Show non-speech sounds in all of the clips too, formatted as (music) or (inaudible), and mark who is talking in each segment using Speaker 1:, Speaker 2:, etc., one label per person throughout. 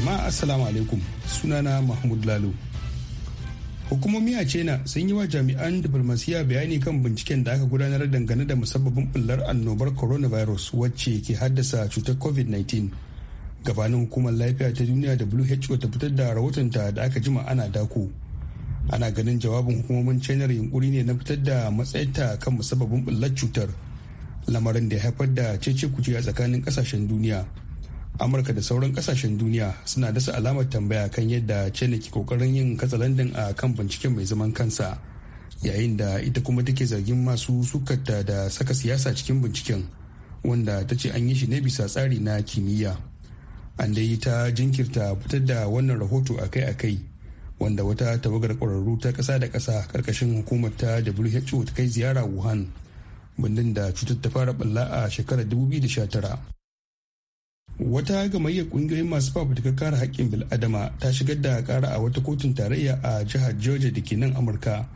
Speaker 1: Jama'a Assalamu alaikum sunana Mahmud Lalo. Hukumomi a China sun yi wa jami'an diplomasiya bayani kan binciken da aka gudanar dangane da musabbabin bullar annobar coronavirus wacce ke haddasa cutar COVID-19. Gabanin hukumar lafiya ta duniya da WHO ta fitar da rahotonta da aka jima ana dako. Ana ganin jawabin hukumomin China yunkuri ne na fitar da matsayinta kan musabbabin bullar cutar. Lamarin da ya haifar da cece kuce a tsakanin kasashen duniya. amurka da sauran kasashen duniya suna dasa alamar tambaya kan yadda china ke kokarin yin katsalandin a kan binciken mai zaman kansa yayin da ita kuma take zargin masu sukarta da saka siyasa cikin binciken wanda ta ce an yi shi ne bisa tsari na kimiyya an dai ta jinkirta fitar da wannan rahoto akai-akai wanda wata tawagar kwararru ta kasa da kasa karkashin hukumar ta who ta kai ziyara wuhan bindin da cutar ta fara balla a shekarar 2019 wata gamayyar kungiyoyin masu fafutukar kare haƙƙin bil'adama ta shigar da kara a wata kotun tarayya a jihar georgia da ke nan amurka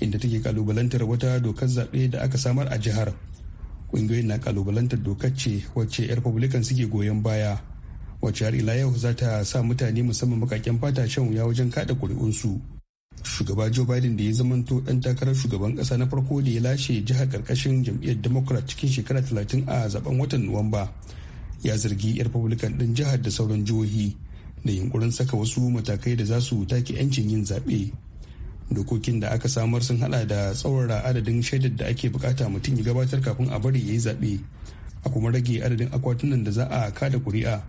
Speaker 1: inda take kalubalantar wata dokar zaɓe da aka samar a jihar kungiyoyin na kalubalantar dokar ce wacce 'yan republican suke goyon baya wacce har ila yau za ta sa mutane musamman makakken fata shan wuya wajen kada ƙuri'unsu shugaba joe biden da ya zamanto ɗan takarar shugaban ƙasa na farko da ya lashe jihar karkashin jam'iyyar democrat cikin shekara 30 a zaben watan nuwamba ya zargi 'yan republican ɗin jihar da sauran jihohi da yunkurin saka wasu matakai da za su take 'yancin yin zaɓe dokokin da aka samar sun hada da tsaurara adadin shaidar da ake bukata mutum ya gabatar kafin a bari ya yi zaɓe a kuma rage adadin akwatunan da za a kada kuri'a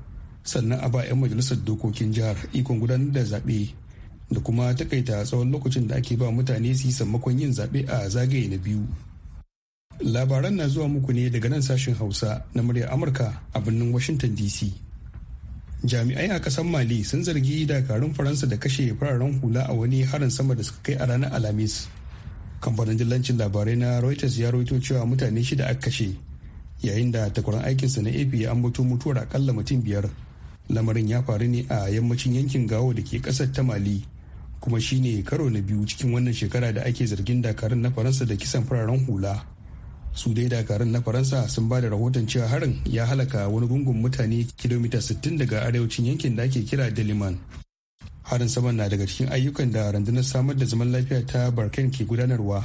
Speaker 1: sannan a ba 'yan majalisar dokokin jihar ikon gudanar da zaɓe da kuma takaita tsawon lokacin da ake ba mutane su yi sammakon yin zaɓe a zagaye na biyu Labaran na zuwa muku ne daga nan sashen Hausa na muryar Amurka a birnin Washington DC. Jami'ai a ƙasar Mali sun zargi dakarun Faransa da kashe fararen hula a wani harin sama da suka kai a ranar Alhamis. Kamfanin dillancin labarai na Reuters ya rawaito cewa mutane shida aka kashe, yayin da takwaran aikinsa na AP ya ambato mutuwar akalla mutum biyar. Lamarin ya faru ne a yammacin yankin Gawo da ke ƙasar ta Mali. kuma shine karo na biyu cikin wannan shekara da ake zargin dakarun na faransa da kisan fararen hula su dai dakarun na faransa sun ba da rahoton cewa harin ya halaka wani gungun mutane kilomita 60 daga arewacin yankin da ake kira diliman harin saman na daga cikin ayyukan da rundunar samar da zaman lafiya ta barkan ke gudanarwa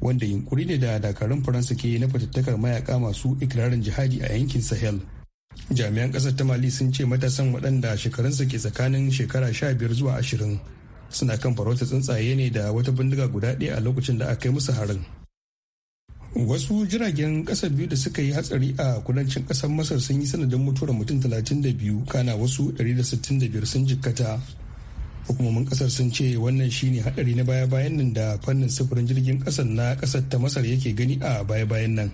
Speaker 1: wanda yunkuri ne da dakarun faransa ke na fatattakar mayaka masu ikirarin jihadi a yankin sahel jami'an kasar ta mali sun ce matasan waɗanda shekarunsa ke tsakanin shekara sha biyar zuwa ashirin suna kan farauta tsuntsaye ne da wata bindiga guda ɗaya a lokacin da aka kai musu harin wasu jiragen kasa biyu da suka yi hatsari a kudancin kasar masar sun yi sanadin mutuwar mutum 32 kana wasu 165 sun jikkata hukumomin kasar sun ce wannan shine hadari na baya-bayan nan da fannin sufurin jirgin kasar na kasar ta masar yake gani a baya-bayan nan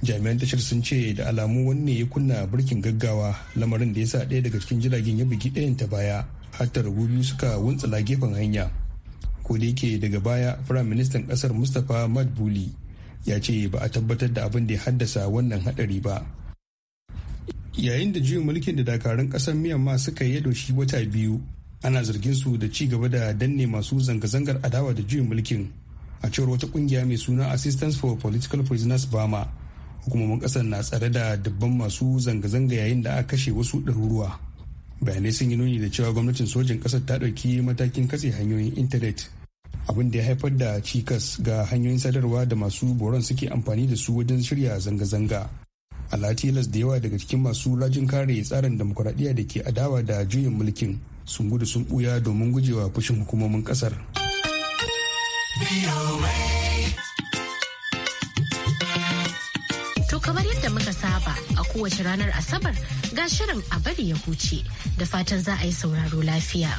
Speaker 1: jami'an tashar sun ce da alamu wanne ya kunna birkin gaggawa lamarin da ya sa ɗaya daga cikin jiragen ya bugi ɗayan ta baya hatta rubu biyu suka wuntsala gefen hanya ko da yake daga baya firayim ministan kasar mustapha madbuli ya ce ba a tabbatar da abin da ya haddasa wannan hadari ba yayin da juyin mulkin da dakarun kasar myanmar suka yi doshi wata biyu ana zargin su da ci gaba da danne masu zanga-zangar adawa da juyin mulkin a cewar wata kungiya mai suna assistance for political prisoners bama hukumomin kasar na tsare da dubban masu zanga-zanga yayin da aka kashe wasu ɗaruruwa bayanai sun yi nuni da cewa gwamnatin sojin kasar ta ɗauki matakin katse hanyoyin intanet abin da ya haifar da cikas ga hanyoyin sadarwa da masu boron suke amfani da su wajen shirya zanga-zanga alatilas da yawa daga cikin masu rajin kare tsarin demokuraɗiyya da ke adawa da juyin mulkin sun gudu sun ɓuya domin gujewa fushin hukumomin ƙasar.
Speaker 2: kamar yadda muka saba a kowace ranar asabar ga shirin a bari ya huce da fatan za a yi sauraro lafiya.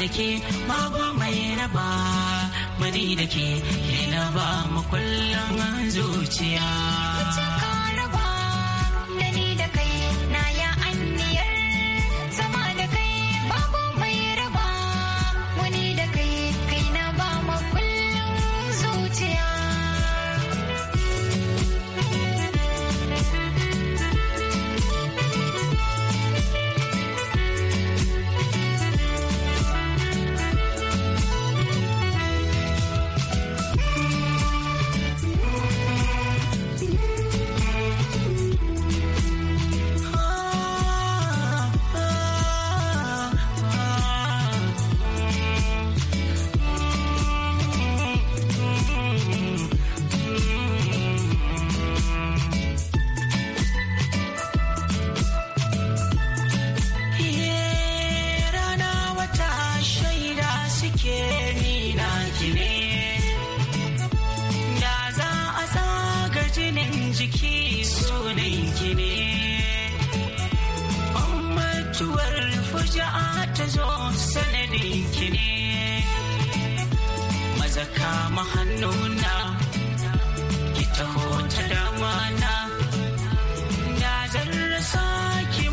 Speaker 3: da ke mai raba mani da ke ke na ba mu kullum zuciya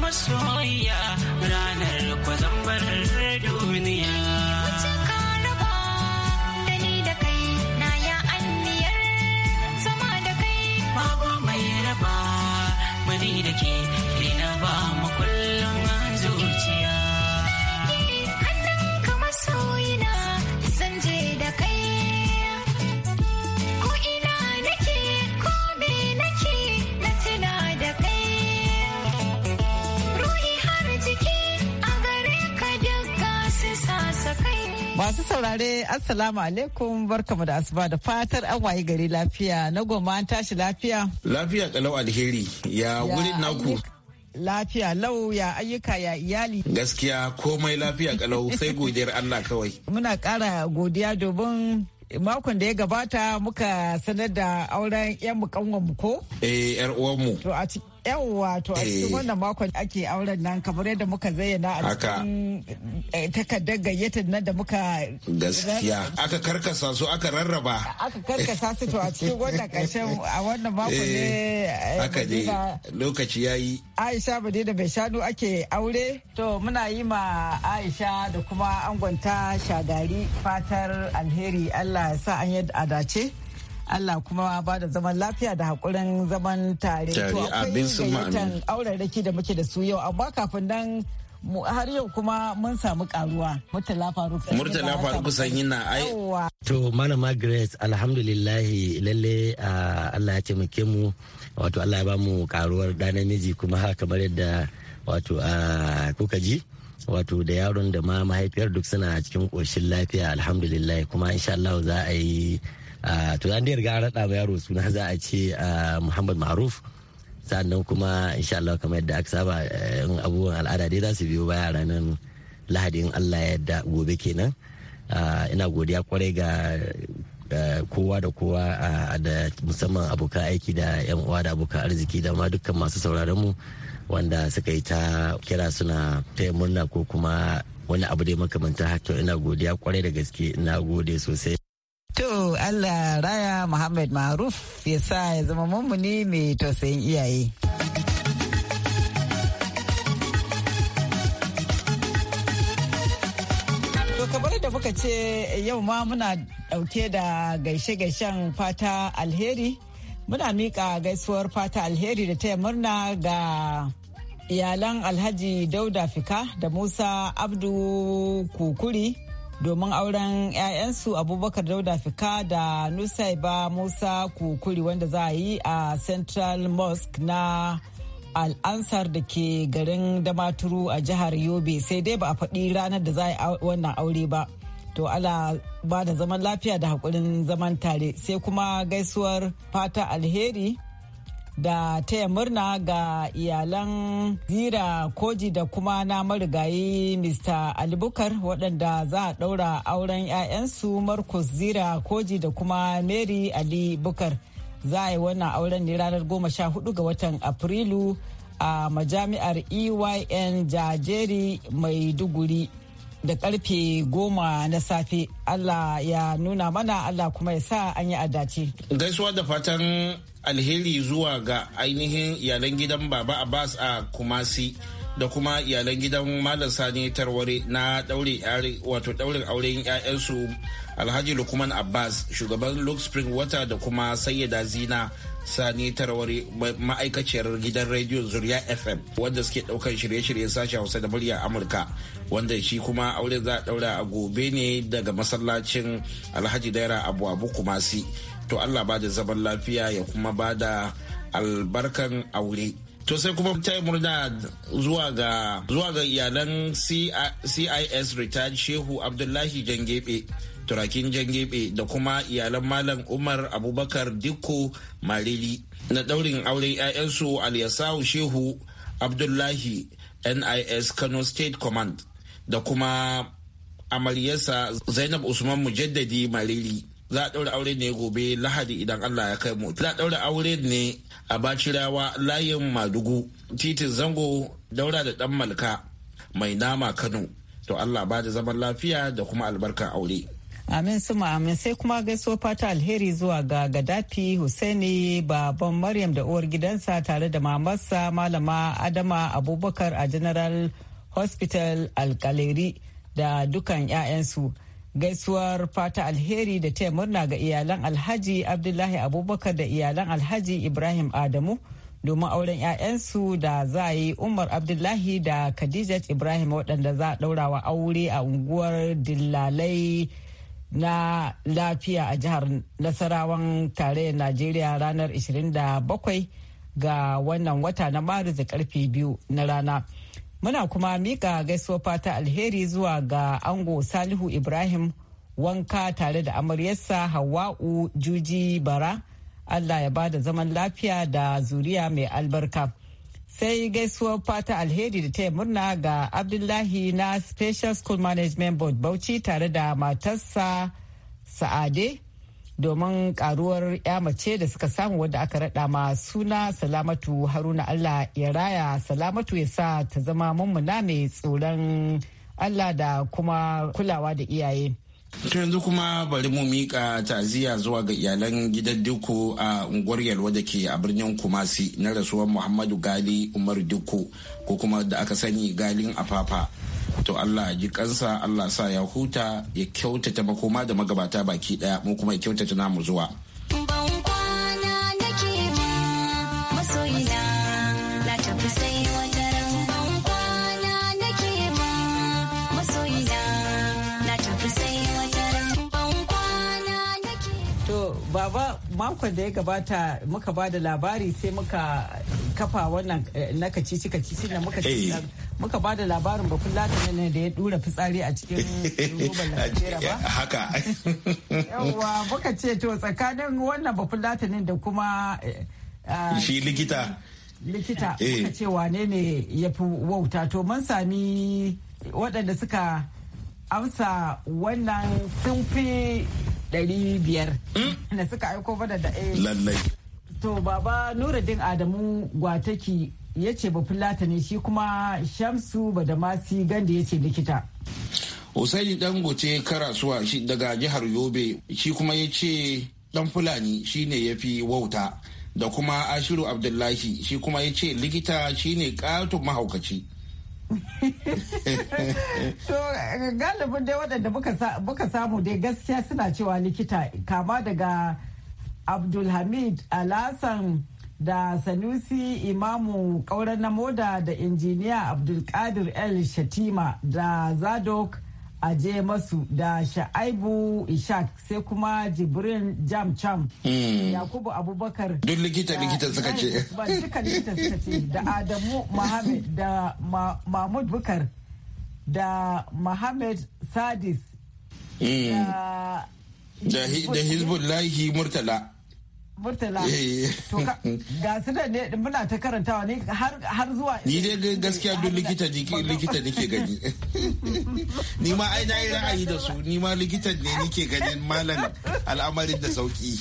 Speaker 3: masoya ranar kwazambar zambar
Speaker 4: Masu saurare Assalamu alaikum barkamu da asuba da fatar an waye gari lafiya na goma an tashi lafiya.
Speaker 5: Lafiya kalau alheri ya wurin naku.
Speaker 4: Lafiya lau ya ayyuka ya iyali.
Speaker 5: Gaskiya komai lafiya kalau sai godiyar Allah kawai.
Speaker 4: (laughs) Muna kara godiya domin makon da ya gabata muka sanar da auren 'yan mu ko?
Speaker 5: Eh 'yar uwanmu.
Speaker 4: To a yawwa to a cikin eh. wannan makon ake auren nan kamar yadda muka zayyana a cikin eh, takardar gayyatar nan da muka gaskiya
Speaker 5: aka karkasa su aka rarraba
Speaker 4: aka karkasa su to a cikin wannan ƙarshen
Speaker 5: a wannan makon ne eh, aka ne lokaci yayi
Speaker 4: Aisha da bai shanu ake aure to muna yi ma Aisha da kuma angonta shagari fatar alheri Allah ya sa an yadda a dace Allah kuma ba da zaman lafiya da haƙurin zaman tare. Tare abin sun ma'amin. auraraki da muke da su yau amma kafin nan har yau kuma mun samu karuwa murtala faruk murtala faruk
Speaker 5: sanyi na ai to malama grace alhamdulillah lalle
Speaker 6: Allah ya taimake mu wato Allah ya ba mu karuwar da namiji kuma kamar yadda wato kuka ji wato da yaron da ma mahaifiyar duk suna cikin koshin lafiya alhamdulillah kuma insha Allah za a yi Ah, to an dai riga an raɗa yaro suna za a ce ah, muhammad maruf sannan kuma insha Allah kamar yadda aka saba eh, in abubuwan al'ada dai za su biyo baya ranar lahadi in Allah ya yadda gobe kenan ah, ina godiya kwarai ga eh, kowa da kowa da musamman abokan aiki da yan uwa da abokan arziki da ma dukkan masu sauraron mu wanda suka yi ta kira suna taya murna ko kuma wani abu dai makamantar haka ina godiya kwarai da gaske ina gode sosai
Speaker 4: To Allah raya Muhammad Maruf ya sa ya zama mummuni mai tausayin iyaye. To kamar da muka ce yau ma muna dauke da gaishe-gaishen fata alheri muna miƙa gaisuwar fata alheri da taya murna ga iyalan alhaji dauda fika da musa abdu kukuri domin auren 'ya'yansu abubakar dauda fika da nusaiba musa kukuri wanda za a yi a central mosque na al'ansar da ke garin damaturu a jihar yobe sai dai ba a faɗi ranar da za a yi wannan aure ba to ala ba da zaman lafiya da haƙurin zaman tare sai kuma gaisuwar fata alheri da taya murna ga iyalan zira koji da kuma na marigayi mr alibukar waɗanda za a ɗaura auren 'ya'yansu marcus zira koji da kuma mary ali bukar za a yi wannan auren ne ranar 14 ga watan afrilu a majami'ar eyn jajeri maiduguri da karfe goma na safe Allah ya nuna mana Allah kuma ya sa an yi adace.
Speaker 5: Gaisuwa da fatan alheri zuwa ga ainihin yaren gidan Baba Abbas a Kumasi. da kuma iyalan gidan malam sani tarware na daure wato daurin auren 'ya'yansu alhaji lukman abbas shugaban luke spring water da kuma sayyada zina sani tarware ma'aikaciyar gidan rediyo zuriya fm wanda suke ɗaukar shirye shiryen sashen hausa da murya amurka wanda shi kuma auren za a daura a gobe ne daga masallacin alhaji daira abu abu kumasi to allah ba da zaman lafiya ya kuma ba da albarkan aure to sai kuma ta yi murna zuwa ga zuwa ga iyalan cis retired shehu abdullahi jangebe turakin jangebe da kuma iyalan malam umar abubakar dikko marili na daurin auren 'ya'yansu aliyasau shehu abdullahi nis kano state command da kuma amaryarsa zainab usman mujaddadi marili za a ɗaura aure ne gobe lahadi idan allah ya kai mu za a ɗaura aure ne a bacirawa layin madugu titin zango daura da dan malka mai nama kano to allah ba da zaman lafiya da kuma albarkar aure
Speaker 4: amin suma amin sai kuma gaisuwa fata alheri zuwa ga gadafi husaini baban maryam da uwar gidansa tare da mamarsa malama adama abubakar a general hospital alkaleri da dukan 'ya'yansu. gaisuwar fata alheri da taya murna ga iyalan alhaji abdullahi abubakar da iyalan alhaji ibrahim adamu domin auren 'ya'yansu da za yi umar abdullahi da khadija ibrahim waɗanda za a ɗaurawa aure a unguwar dillalai na lafiya a jihar nasarawan tarayyar najeriya ranar 27 ga wannan wata na maris da karfe biyu na rana Muna kuma mika gaisuwar fata alheri zuwa ga ango Salihu Ibrahim wanka tare da amaryarsa Hawa'u Juji Bara. Allah ya bada zaman lafiya da zuriya mai albarka. Sai gaisuwar fata alheri da ta yi murna ga Abdullahi na Special School Management Board Bauchi tare da matarsa Sa'ade domin karuwar ya mace da suka samu wadda aka rada ma suna salamatu haruna allah ya raya salamatu ya sa ta zama mummuna mai tsoron allah da kuma kulawa da iyaye
Speaker 5: to yanzu kuma bari mu mika ta'aziyya zuwa ga iyalan gidan duku a unguwar Yalwa da ke a birnin Kumasi na rasuwar Muhammadu Gali Umar Dikko ko kuma da aka sani Galin Afafa to Allah ji kansa Allah sa ya huta ya kyautata makoma da magabata baki daya mu kuma ya kyautata namu zuwa
Speaker 4: baba makon da ya gabata muka ba da labari sai muka kafa wannan eh, na kacici kacici da muka eh. muka ba da labarin bakun lata ne da ya dura fitsari a cikin
Speaker 3: roban (laughs) lafiyar ba
Speaker 5: haka (laughs) yawa
Speaker 4: muka ce to tsakanin wannan bakun lata da kuma eh, ah, shi likita likita eh. muka ce wane ne ya fi wauta to mun sami waɗanda suka amsa wannan sun fi ɗari biyar hmm? (laughs) da suka aiko bada da eh. lallai to baba nuruddin adamu gwataki ya ce bafulata ne shi kuma shamsu badamasi ganda ya ce likita
Speaker 5: Usaini Dangote karasuwa shi daga jihar Yobe shi kuma ya ce dan Fulani shi ne ya fi wauta da kuma Ashiru Abdullahi shi kuma ya ce likita shi ne katon mahaukaci. (laughs) to
Speaker 4: galibin dai waɗanda muka samu dai gaskiya suna cewa likita kama daga Abdulhamid Alasan da sanusi imamu kauran na moda da injiniya abdulkadir el shatima da zadok aje masu da sha'aibu ishak sai kuma jibrin jam cham hmm. yakubu abubakar
Speaker 5: duk likita likita suka ce
Speaker 4: likita suka ce da adamu Mohammed da mahmud bukar da Mohammed sadis hmm. da,
Speaker 5: da hizbullahi murtala
Speaker 4: Murtala. Eh, eh. To ga su da ne muna ta karantawa ne har zuwa.
Speaker 5: Ni dai gaskiya duk likita jiki likita nike gani.
Speaker 3: (laughs)
Speaker 5: Ni ma ai yi ra'ayi da su ni ma likitan ne nike ganin malam al'amarin da sauki.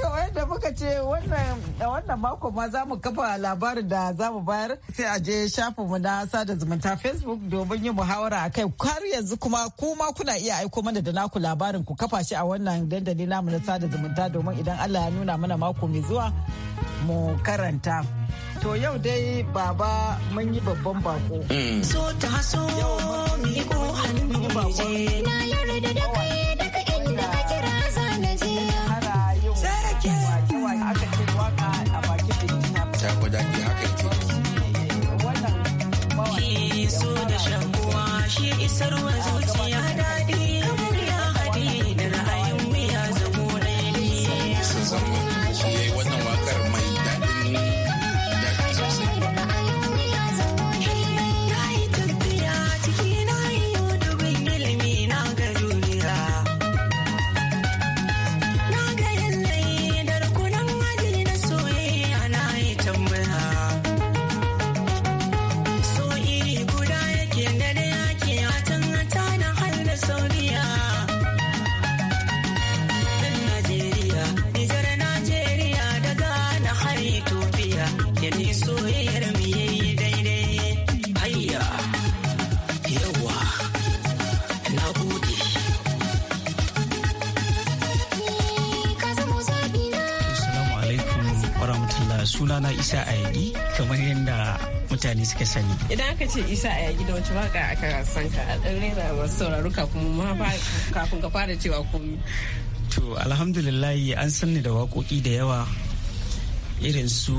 Speaker 4: kawai (laughs) da muka ce wannan mako ma za mu kafa labarin da za mu bayar sai a je shafinmu na sada zumunta facebook domin yin muhawara a kai har yanzu kuma kuma kuna iya aiko mana da naku labarin ku kafa shi a wannan dandali namu na sada zumunta zumunta domin idan Allah ya nuna mana mako mai zuwa mu karanta. To yau dai baba mun yi babban bako. Mm. So ta ko hannu mu je. Na yarda da kai
Speaker 6: mutane suka sani.
Speaker 3: Idan aka ce Isa a gida da wacce waka aka san ka a ɗan rera masu sauraro kafin ka fara cewa komi.
Speaker 6: To alhamdulillahi an san ni da waƙoƙi da yawa irin su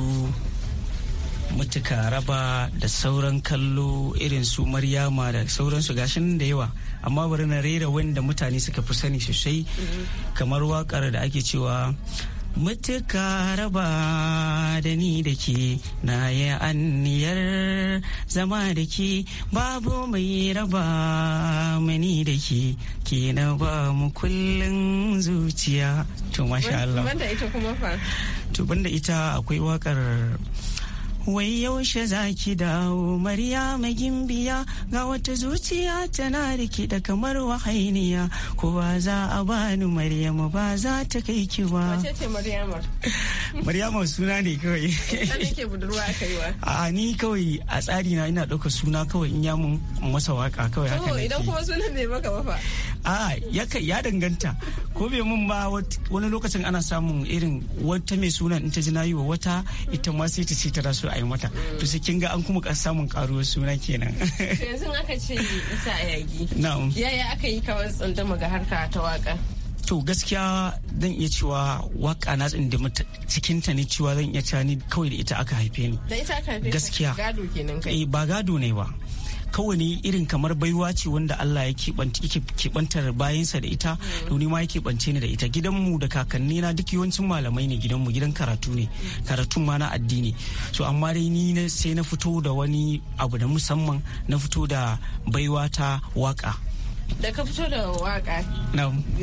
Speaker 6: mutuka raba da sauran kallo irin su maryama da sauransu gashin da yawa amma bari na rera wanda mutane suka fi sani sosai mm-hmm. kamar wakar da ake cewa mutuka raba da ni da ke na yi anniyar zama da ke babu mai raba mani da ke ke na ba mu kullum zuciya to masha Allah.
Speaker 2: ita kuma fa?
Speaker 6: Tubin da ita akwai wakar wai yaushe za ki dawo magin biya ga wata zuciya tana rikida kamar wahainiya kowa za a bani maryama ba za ta kai ki ba maryama (laughs) suna ne kawai a (laughs) ni kawai a tsari na ina ɗauka suna kawai in yamu masa waka kawai haka ne idan kuma
Speaker 3: sunan bai maka ba fa
Speaker 6: a ya danganta ko bai mun ba wani lokacin ana samun irin wata mai sunan in ta ji na yi wa wata ita ma sai ta ce ta rasu a yi mata to sai kin ga an kuma ka samun karuwar suna kenan (laughs)
Speaker 3: yanzu aka ce isa yagi na'am yaya aka yi kawai tsundama ga harka ta waka
Speaker 6: to gaskiya zan iya cewa waka na tsin mata cikin ta ne cewa zan iya cewa ni kawai da ita aka haife ni
Speaker 4: da ita aka haife gaskiya gado kenan kai eh,
Speaker 6: ba gado ne ba kawai irin kamar baiwa ce wanda Allah ya keɓantar bayansa da ita wani ma ya keɓance ni da ita gidanmu da kakanni na duk yawancin malamai ne gidanmu gidan karatu ne karatun ma na addini so amma dai ni sai na fito da wani abu da musamman na fito da baiwa ta waka
Speaker 4: da ka fito da waka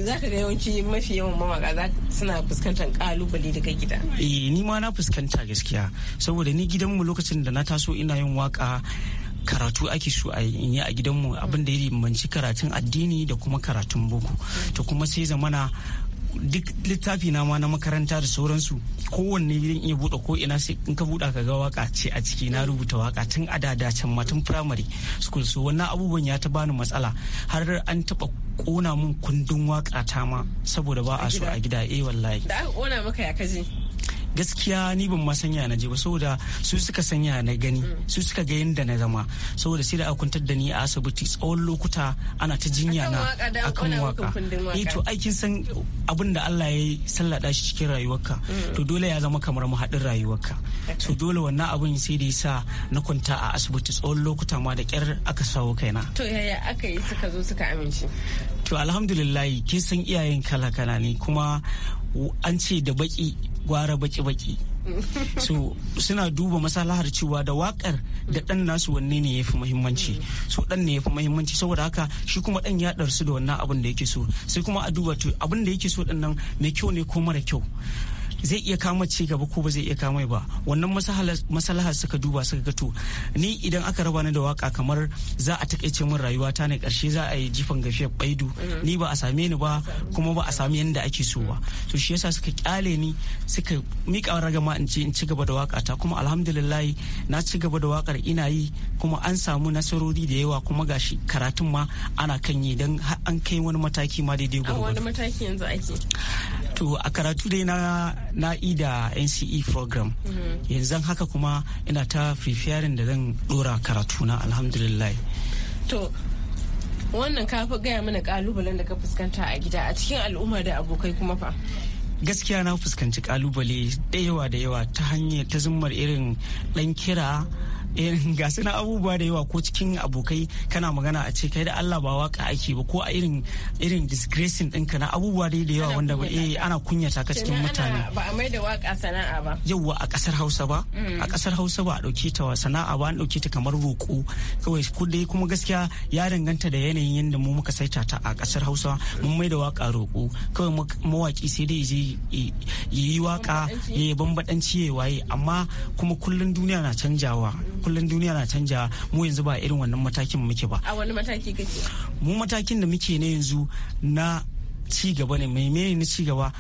Speaker 4: za ka ga yawanci mafi yawan mawaka suna fuskantar
Speaker 3: kalubale daga gida
Speaker 6: eh ni ma na fuskanta gaskiya saboda ni gidanmu lokacin da na taso ina yin waka karatu ake so a yi a gidanmu abin da ya manci karatun addini da kuma karatun boko to kuma sai zamana duk littafi na ma na makaranta da sauransu kowanne irin iya buɗe ko ina sai in ka buɗa ka ga waka ce a ciki na rubuta waka tun a can ma tun primary school so wannan abubuwan ya ta bani matsala har an taɓa kona mun kundin waka ta ma saboda ba a so a gida eh wallahi
Speaker 2: da aka kona maka ya kaje.
Speaker 6: gaskiya ni ban ma sanya na je ba saboda su suka sanya na gani su suka ga yadda na zama saboda sai da aka kwantar da ni a asibiti tsawon lokuta ana ta jinya na akan waka eh to aikin san abin da Allah ya sallada shi cikin rayuwarka mm. to dole ya zama kamar mahaɗin rayuwarka so dole wannan abin sai da yasa na kwanta a asibiti tsawon lokuta ma da kyar aka sawo kaina
Speaker 3: to yaya aka yi suka zo suka amince
Speaker 6: to alhamdulillah kin san iyayen kala kala ne kuma an ce da baki gwara baki-baki (laughs) so suna duba masalahar cewa da wakar da dan nasu wanne ne ya fi muhimmanci so dan ne ya fi muhimmanci saboda haka shi kuma dan ya darsu da wannan abin da yake so sai kuma a duba to abin da yake so din mai kyau ne ko mara kyau zai iya kama ci gaba ko ba zai iya kama ba wannan masalahar suka duba suka gato ni idan aka raba ni da waka kamar za a takaice min rayuwa ta ne karshe za a yi jifan gafe baidu mm-hmm. ni ba a same ni ba kuma ba a sami yadda ake so ba to shi yasa suka kyale ni suka mika ragama in ci in ci gaba da waka ta kuma alhamdulillah na ci gaba da wakar ina yi kuma an samu nasarori da yawa kuma gashi karatun ma ana kan yi don an kai wani mataki ma daidai gwargwado
Speaker 2: wani mataki yanzu ake
Speaker 6: to a karatu dai na na ida nce program mhm. yanzu haka kuma ina ta fifiyarin da zan dora karatu na alhamdulillah
Speaker 2: to wannan ka
Speaker 4: gaya mana kalubalen da ka fuskanta a gida a cikin al'umma da abokai kuma fa
Speaker 6: gaskiya na fuskanci kalubale da yawa da yawa ta hanyar ta zummar irin dan kira Eh, ga suna abubuwa da yawa ko cikin abokai kana magana a ce kai da Allah ba waka ake ba ko a irin irin disgracing ɗinka na abubuwa dai da yawa wanda eh ana kunyata ka cikin mutane ba
Speaker 4: a mai da waka sana'a ba
Speaker 6: yawa a kasar mm. Hausa ba a kasar Hausa ba a dauke ta wa sana'a ba an dauke ta kamar roko kawai ko dai kuma gaskiya ya danganta da yanayin yanda mu muka saita ta a kasar Hausa mun mai da waka roƙo kawai mawaki sai dai je yi waka ya bambadanci ya waye amma kuma kullun duniya na canjawa kullum duniya na canja mu yanzu ba irin wannan matakin muke ba a
Speaker 2: wani mataki kake
Speaker 6: mu matakin da muke ne yanzu na ci gaba ne mai na cigaba.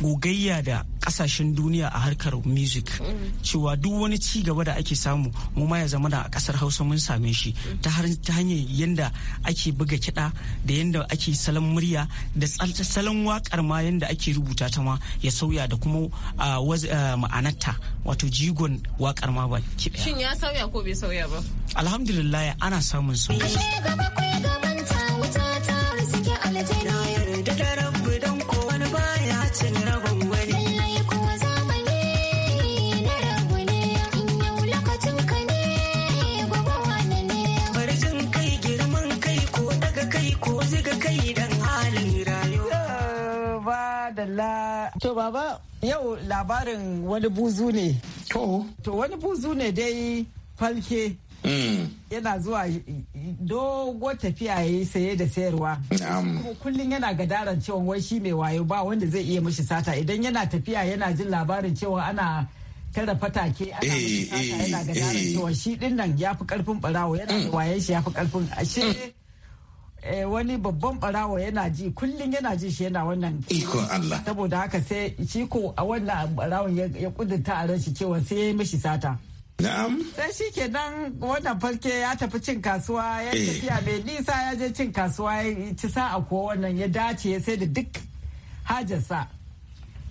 Speaker 6: gogayya da kasashen duniya a harkar music cewa duk wani ci gaba da ake samu mu ma ya zama da a kasar hausa mun same shi ta hanyar yadda ake buga kiɗa da yadda ake salon murya da salon wakar ma yadda ake rubuta ta ma ya sauya da kuma ma'anarta wato jigon wakar ma ba kiɗa shin
Speaker 2: ya sauya ko bai sauya ba
Speaker 6: alhamdulillah ana samun sauya ashe
Speaker 2: gaba
Speaker 4: Yau labarin wani buzu ne. To. To wani buzu ne dai falke. Hmm. Yana zuwa dogo tafiya ya yi saye da sayarwa. Kullum yana gadaran cewa wai shi mai wayo ba wanda zai iya mishi sata idan yana tafiya yana jin labarin cewa ana tara fatake ana eh, mishi sata yana eh, gadaran eh. cewa shi din nan ya fi karfin barawo yana hmm. wayen shi ya fi karfin ashe Eh, wani babban barawa yana ji kullum yana ji shi yana wannan ikon Allah saboda haka sai shi ko a wannan barawon ya kudurta a ran shi cewa sai ya yi mishi sata Na'am. Sai shi ke nan wannan farke ya tafi cin kasuwa ya eh. tafiya mai nisa ya je cin kasuwa ya ci sa'a ko wannan ya dace ya sai da duk hajarsa.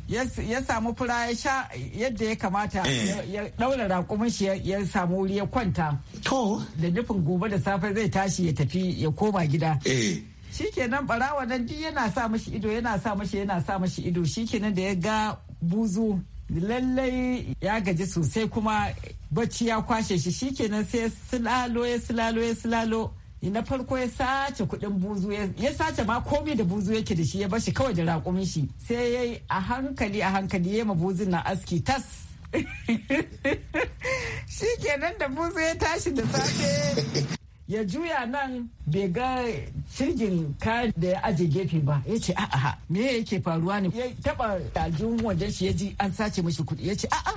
Speaker 4: ya samu fura ya sha yadda ya kamata eh. ya daura rakumin shi ya samu wuri ya kwanta to da nufin gobe da safe zai tashi ya tafi ya koma gida eh. shikenan barawa nan duk yana sa mashi ido yana sa mashi yana sa mashi ido shikenan da ya ga buzu lallai ya gaji sosai kuma bacci ya kwashe shi shikenan sai silalo ya silalo ya silalo na farko ya sace kudin buzu ya sace ma komai da buzu yake da shi ya bashi kawai da raƙumin shi sai ya yi a hankali a hankali ya ma buzun na aski tas (laughs) shi kenan da buzu ya tashi da safe ya juya nan bai ga shirgin kayan da ya aje gefe ba ya ce a'a me yake faruwa ne ya taba tajin wajen shi ya ji an sace mashi kuɗi ya ce a'a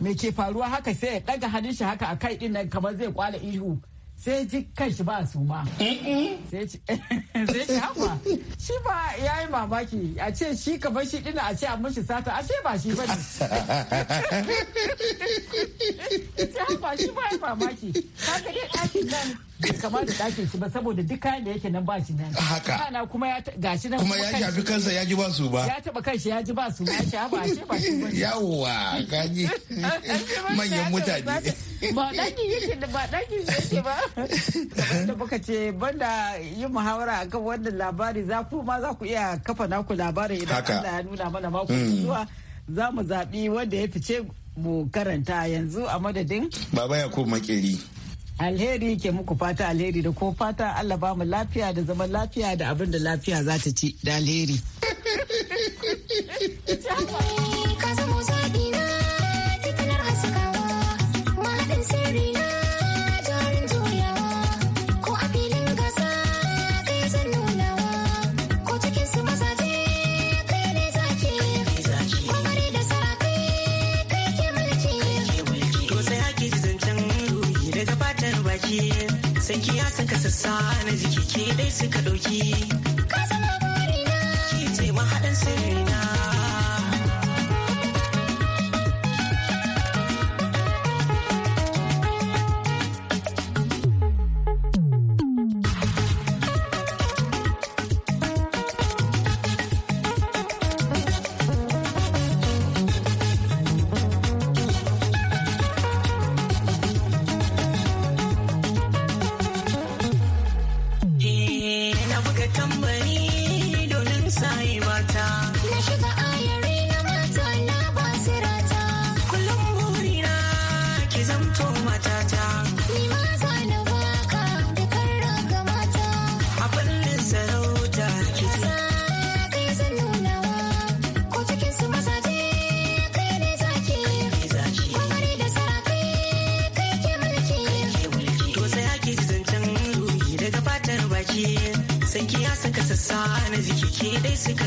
Speaker 4: me ke faruwa haka sai ya daga hannun shi haka a kai din nan kamar zai kwala ihu sai ji kanshi ba su ma. Sai ci (laughs) hama. Shi ba ya yi mamaki a ce shi kamar shi dina a ce a mashi sata a ce ba shi ba ne. (laughs) (laughs) Sai hama shi ba ya mamaki. Kaga dai ɗakin nan kama da ɗakin shi ba saboda duk kayan da yake nan ba shi nan. Haka. Kana kuma ya gashi nan. Kuma ya shafi kansa ya ji ba su ba. Ya taɓa kanshi ya ji ba su ba ya ce
Speaker 5: ba shi ba (laughs) shi ba. Yawwa kaji
Speaker 4: manyan mutane. Ba ɗakin yake da ba ɗakin yake ba. Da baka ce banda yin muhawara akan wannan labari za ku ma za ku iya kafa naku labarin idan Allah ya nuna mana mako mm. zuwa. Za mu zaɓi wanda ya fice mu karanta yanzu a madadin.
Speaker 5: Baba ya makeri.
Speaker 4: alheri ke muku fata alheri da ko fata Allah ba mu lafiya da zaman lafiya da abin da lafiya za ta ci da alheri.
Speaker 3: (laughs) sassa na jiki ke dai suka ɗauki tambari suka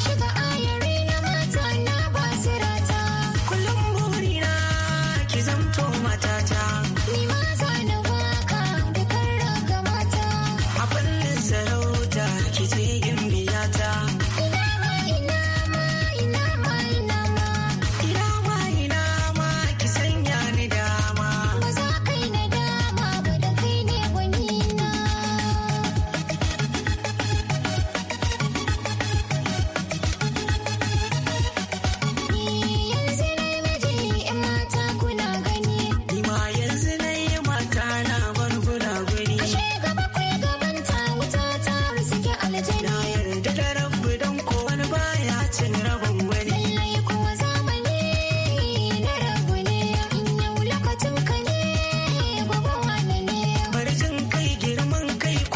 Speaker 3: shiver